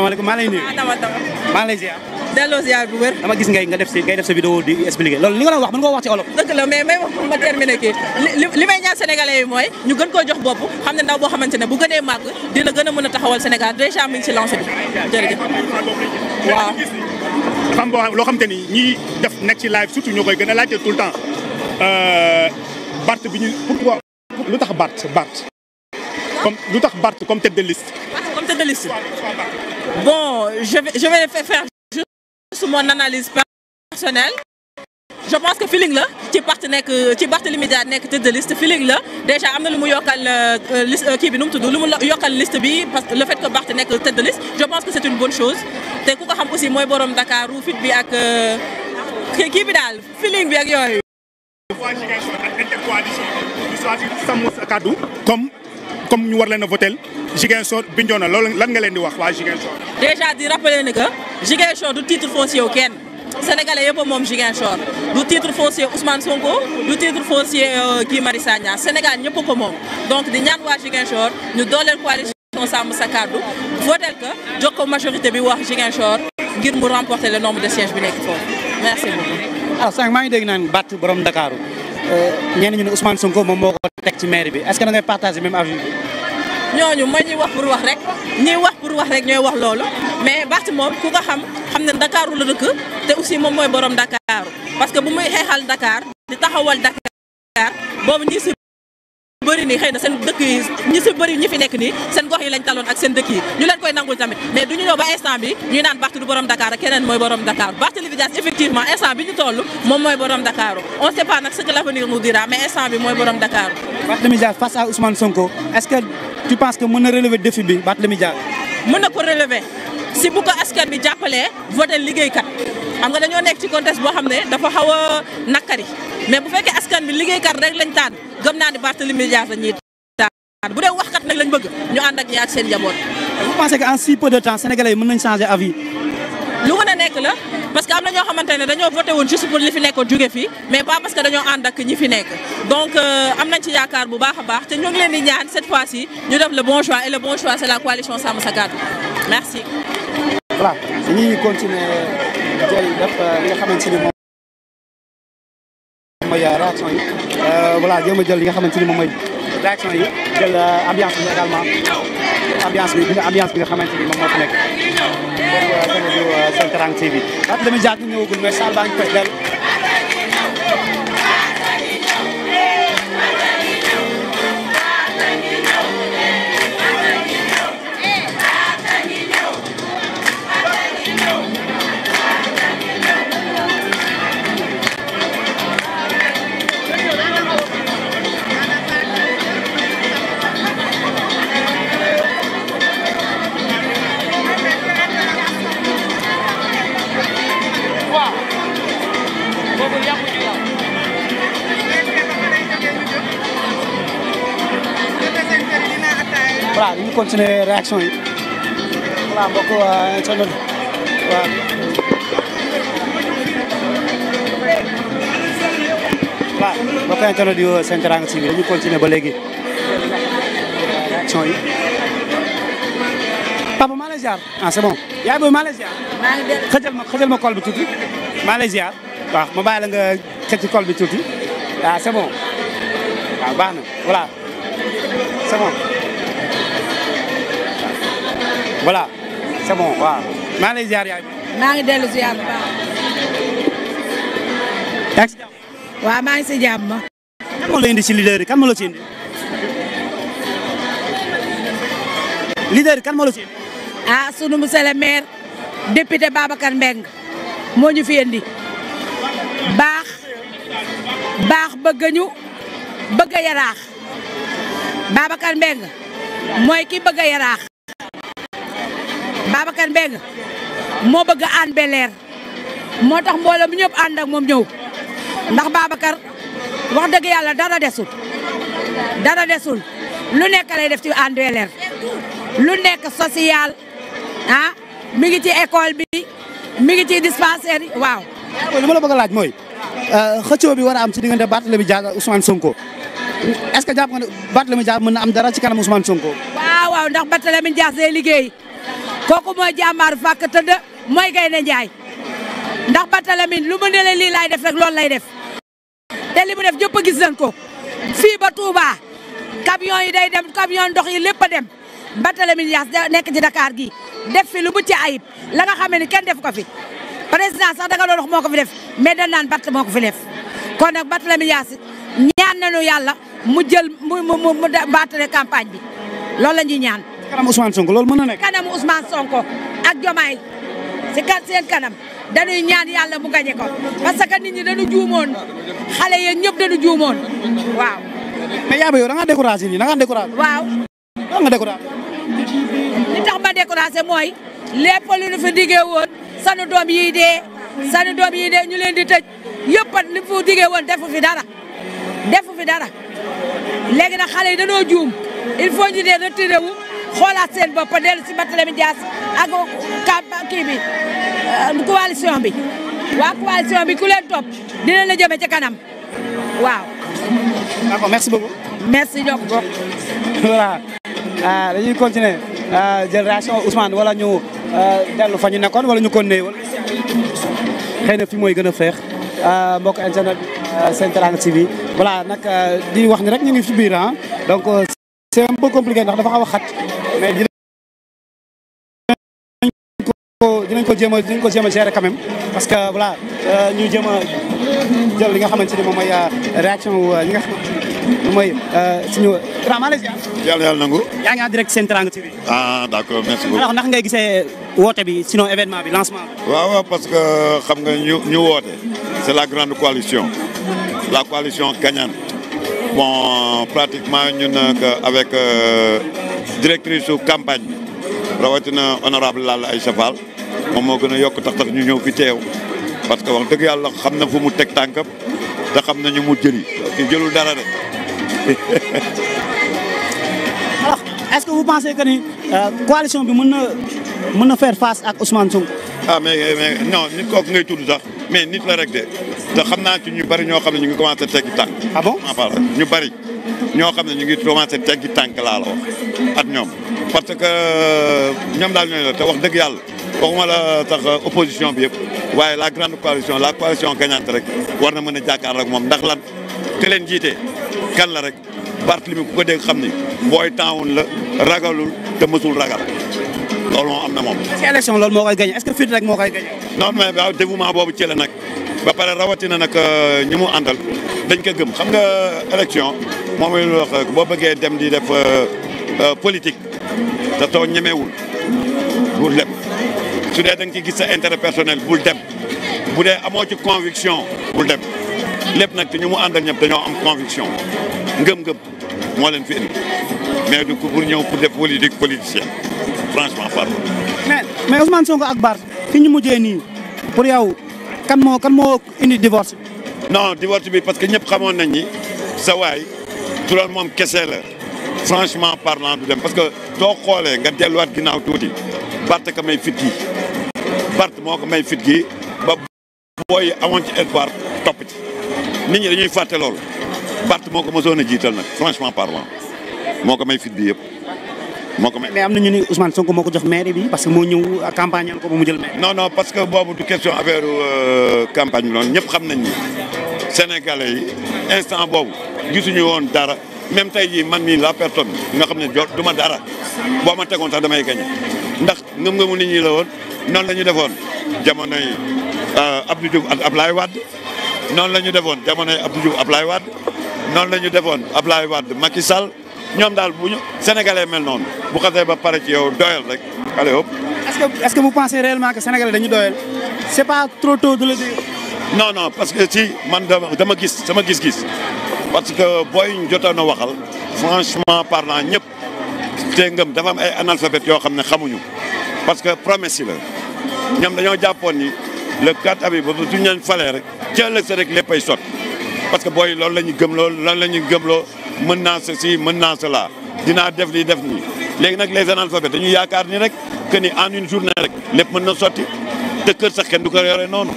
asalaamaaleykum maa lay nuyu. Ah, maa lay dama gis ngay nga def si ngay def sa vidéo di expliquer loolu li nga doon wax mën nga wax ci olof. dëgg la may wax ma terminer kii li li may ñaan sénégalais yi mooy ñu gën koo jox bopp xam ne ndaw boo xamante ne bu gënee màgg dina gën a mën a taxawal Sénégal déjà mi ngi si lancé bi jërëjëf. waaw. xam boo xam loo xamante ni ñiy def nekk ci live surtout ñoo koy gën a laajte tout le temps euh, Bart bi ñu pourquoi lu tax Bart Bart comme lu tax Bart comme tête de liste. Ah, comme Bon, je vais, je vais faire juste je pense que feeling la ci parti nekk ci Barthélémy Dias nekk tête de liste feeling la déjà am na lu mu yokkal euh, euh, liste euh, kii bi nu mu tudd lu mu yokkal liste bi parce que le fait que Barth nekk tête de liste je pense que c'est une bonne chose te ku ko xam aussi mooy borom Dakar ru fit bi ak kii bi daal feeling bi ak yooyu. comme comme ñu war leen a voter Ziguinchor Bignona loolu lan nga leen di wax waa Ziguinchor. déjà di rappeler ni que Ziguinchor du titre foncier wu kenn sénégalais yëpp moom Ziguinchor du titre foncier Ousmane Sonko du titre foncier euh, Guy Marius Sagna Sénégal ñëpp ko moom donc di ñaan waa Ziguinchor ñu dooleel coalition Sàmm Sa Kàddu votel que jox ko majorité bi wax Ziguinchor ngir mu remporter le nombre de sièges bi nekk foofu merci beaucoup. alors sànq maa ngi dégg naan Batt borom ndakaaru euh, ñenn ñu ne Ousmane s moom moo ko teg ci maire bi est ñooñu ma ñuy wax pour wax rek ñiy wax pour wax rek ñooy wax loolu mais Barth moom ku ko xam xam ne Dakaaru la dëkk te aussi moom mooy borom Dakar parce que bu muy xeexal Dakar di taxawal Dakar boobu ñi si bëri nii xëy na seen dëkk gox yi lañ taloon ak seen dëkk yi ñu leen koy nangul tamit mais du ñu ñëw ba instant bi ñuy naan Barth du borom Dakar keneen mooy borom Dakar Barthélémy Dias effectivement instant bi ñu toll moom mooy borom Dakar on sait tu penses que mën na relever défi bi Barthélémy Dias. mën na ko relever si bu ko askan bi jàppalee voté kat xam nga dañoo nekk ci contexte boo xam ne dafa xaw a nakari mais bu fekkee askan bi liggéeykat rek lañ taan gëm naa ne Barthélémy Dias la ñuy taan bu dee waxkat nag lañ bëgg ñu ànd ak yaa seen njaboot. vous pensez que en si peu de temps sénégalais yi mën nañ changer avis. lu mën a nekk la parce que am na ñoo xamante ne dañoo voté woon juste pour li fi nekkoon jóge fii mais pas parce que dañoo ànd ak ñi fi nekk donc euh, am nañ ci yaakaar bu baax a baax te ñoo ngi leen di ñaan cette fois ci ñu def le bon choix et le bon choix c'est la coalition Sàmm Sa Kàddu merci. voilà dañuy continuer jël def euh, li nga xamante ni moom mooy réaction euh, yi voilà jéem a jël li nga xamante ni moom mooy. réaction yi jël euh, ambiance bi également ambiance bi ambiance bi nga xamante ni moom moo fi nekk. kon kon euh, seen euh, Teranga TV. waaw Lamine Diack ñu ñëwagul mais salle baa ngi fees dell. voilà ñu continuer réaction yi voilà mbokk internet waaw. waaw mbokk internet yu Sen Teranga TV dañu continuer ba léegi réaction yi. papa maa lay ziar ah c'est bon. yaa ngi booy maa lay ziar. maa ngi dellu xëjal ma xëjal ma kol bi tuuti maa lay ziar. waaw ma bàyyi la nga xëcc col bi tuuti waaw c'est bon waaw baax na voilà c'est bon voilà c'est maa ngi lay ziar yaay. maa ngi dellu ziar bu baax. yaa ngi si jàmm. waaw maa ngi si jàmm. si leader yi kan moo si indi. leader yi kan moo si indi. ah sunu monsieur le maire député Babacar Mbengue moo fi indi. baax baax bëgga ñu bëgga yaraax Babacar Mbengue mooy ki bëgg a yaraax Babacar Mbengue moo bëgg a ànd moo tax mbooloo mu ñëpp ànd ak moom ñëw ndax Babacar wax dëgg yàlla dara desul dara desul lu nekk lay def ci ànd be lu nekk social ah mi ngi ci école bi mi ngi ci dispensaire yi waaw li ma la bëgg laaj mooy euh, xëccoo bi war a am ci diggante Barthélémy Dias ak Ousmane Sonko est-ce que jàpp nga ne Barthélémy Dias mën na am dara ci kanam Ousmane Sonko. waaw waaw ndax Barthélémy Dias day liggéey kooku mooy jàmbaar fàkk tëdd mooy gaynde Njaay ndax Barthélémy lu mu ne la lii laay def rek loolu lay def te li mu def jëpp a gis nañ ko fii ba Touba camion yi day dem camion ndox yi lépp a dem Barthélémy Dias nekk ci Dakar gi def fi lu mu ci ayib la nga xam ni kenn def ko fi. président sax danga doon wax moo ko fi def mais dañ naan Barth moo ko fi def kon nag Barthélémy Dias ñaan nañu yàlla mu jël mu mu mu baatale campagne bi loolu la ñuy ñaan. kanam Ousmane Sonko loolu mën na nekk. kanam Ousmane Sonko ak Jomaay si kan seen kanam dañuy ñaan yàlla mu gañe ko parce que nit ñi dañu juumoon xale yeeg ñëpp dañu juumoon waaw. mais yaa ba yow da ngaa découragé nii da ngaa découragé. mooy lépp lu fi diggee woon. sanu doom yiy dee sanu doom yii dee ñu leen di tëj yëpp at li fu digee woon defu fi dara defu fi dara léegi nag xale yi danoo juum il faut ñu dee retiré wu xoolaat seen bopp dellu si Barthélémy Dias ak kii bi euh, coalition bi waa coalition bi ku leen topp dina la jëme ci kanam waaw. d'accord merci beaucoup. merci donc beaucoup. voilà ah, dañuy continuer ah, jël réaction Ousmane wala ñu. Euh, dellu fa ñu nekkoon wala ñu ko néewal xëy fi mooy gën a feex euh, mbokk internet euh, Sen Teranga TV voilà nag di wax ni rek ñu ngi ci biir ah donc c'est un peu compliqué ndax dafa xaw a xat mais dinañ ko dinañ ko jéem a dinañ ko jéem a gérer parce que voilà ñu jéem a jël li nga xamante ni moom mooy réaction ñi nga xamante mooy euh, suñu grand malaise. yàlla yàlla nangu. yaa ngi direct Sen Teranga ah d' accord merci beaucoup. alors ndax gisee woote bi sinon événement bi lancement bi. waaw parce que xam nga ñu ñu woote. c' la grande coalition. la coalition gagnante. bon pratiquement ñun avec euh, directrice su campagne bi. rawatina honorable Lalla ay Fall moom moo gën a yokk tax tax ñu ñëw fi teew parce que wax dëgg yàlla xam na fu mu teg tànkam te xam na ñu mu jëli jëlul dara de. alors est-ce que vous pensez que ni euh, coalition bi mën na mën na faire face ak Ousmane Sonko. ah mais euh, mais nit kooku ngay tudd sax mais nit la rek de te xam naa ci ñu bari ñoo xam ne ñu ngi commencé teggi tànk. ah bon ah, ñu bari ñoo xam ne ñu ngi commencé teggi tànk laa la wax ak ñoom parce que euh, ñoom daal ñooy la te wax dëgg yàlla waxuma la tax opposition bi yëpp waaye la grande coalition la coalition gagnante rek war na mën a jàkkaarloo ak moom ndax lan te leen jiite. xel la rek Barthélemy ku ko dégg xam ni booy taawoon la ragalul te mësul ragal loolu moom am na moom. moo koy gagné est-ce que fit rek moo koy non mais waaw dévouement boobu ci la nag ba pare rawatina nag euh, ñi mu àndal dañ ko gëm xam nga élection moom la wax euh, boo bëggee dem di def euh, politique te too ñemewul bul dem su dee da nga gis sa intérêt personnel bul dem bu dee amoo ci conviction bul dem. lépp nag te ñu mu ànd ak ñëpp dañoo am conviction ngëm-ngëm moo leen fi mais du ko pour ñëw pour def politique politicien franchement pardon. mais mais Ousmane Sonko ak Barth fi ñu mujjee nii pour yow kan moo kan moo indi divorce non divorce bi parce que ñëpp xamoon nañ ni sa waay tural moom kese la franchement parlant du dem parce que soo xoolee nga delluwaat ginnaaw tuuti Barth ka may fit gi Barth moo ko may fit gi ba booy amoon ci espoir topp ci nit ñi dañuy fàtte lool Barth moo ko mosoon a jiital nag franchement parlant moo ko may fit bi yëpp moo ko may. mais am na ñu ni Ousmane Sonko moo ko jox maire bi parce que moo ñëw campagne ko ba mu jël maire. non non parce que euh, bi noonu ñëpp xam nañ ni yi instant boobu gisuñu woon dara même tey jii man mii la personne nga xam ne jot du ma dara boo ma tegoon sax damay gañe ndax nga ngëmu nit ñi la woon noonu lañu ñu defoon jamonoy euh, Abdou Diouf ak Ablaye noonu la ñu defoon jamonoy Abdou Diouf Ablaye Wade noonu la ñu defoon Ablaye Wade Macky Sall ñoom daal bu ñu sénégalais mel noonu bu xasee ba pare ci yow doyal rek allez hop. est-ce que est-ce que vous pensez dañu doyal c'est pas trop tôt de le dire. non non parce que ci man dama gis sama gis-gis parce que booy ñu jotoon a waxal franchement parlant ñëpp te ngëm dafa am ay analphabètes yoo xam ne xamuñu parce que promesse yi la ñoom dañoo jàppoon ni. le 4 avril boobu suñu leen falee rek ci ëllëg sa rek léppay sotti parce que booy loolu la ñu gëm loolu loolu la ñu gëm loo mën naa ceci mën naa cela dinaa def lii def nii léegi nag les analphabètes dañuy yaakaar ni rek que ni en une journée rek lépp mën na sotti te kër sax kenn du ko yore noonu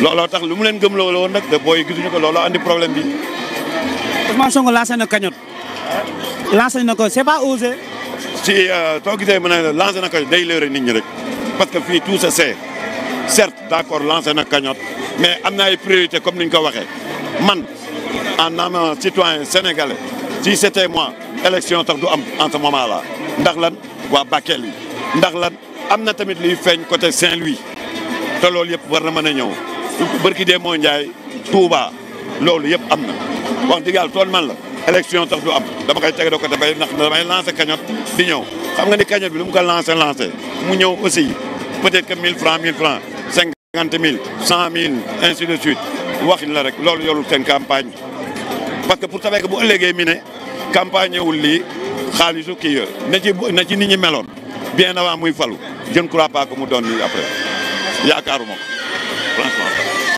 looloo tax lu mu leen gëm loo woon nag booy gisuñu ko looloo andi problème bi. Ousmane Sonko lancé na cagnotte. lancé na ko c'est pas osé. si euh, soo gisee mën na lancé na cagnotte day leeral nit ñi rek parce que fii tout certes d'accord lancé na cagnotte mais am na ay priorité comme ni ñu ko waxee man en amant citoyen sénégalais si c'était mois élection tax du am en ce moment là ndax lan waa Bakel yi ndax lan am na tamit luy feeñ côté Saint-Louis te loolu yëpp war na mën a ñëw bërki dee moo Ndiaye Touba loolu yëpp am na wax dëgg yàlla toon man la élection tax du am dama koy tege de côté bay ndax damay lancé cagnotte di ñëw xam nga ni cagnotte bi lu mu ko lancé lancé mu ñëw aussi peut-être que 1000 francs 1000 cinquante mille cent mille ainsi de suite waxin la rek loolu yorul seen campagne parce que pour savoir que bu ëllëgee mi ne campagne wul lii xaalisu kii yor na ci na ci nit ñi meloon bien avant muy falu je ne crois mu doon lii après yaakaaruma ko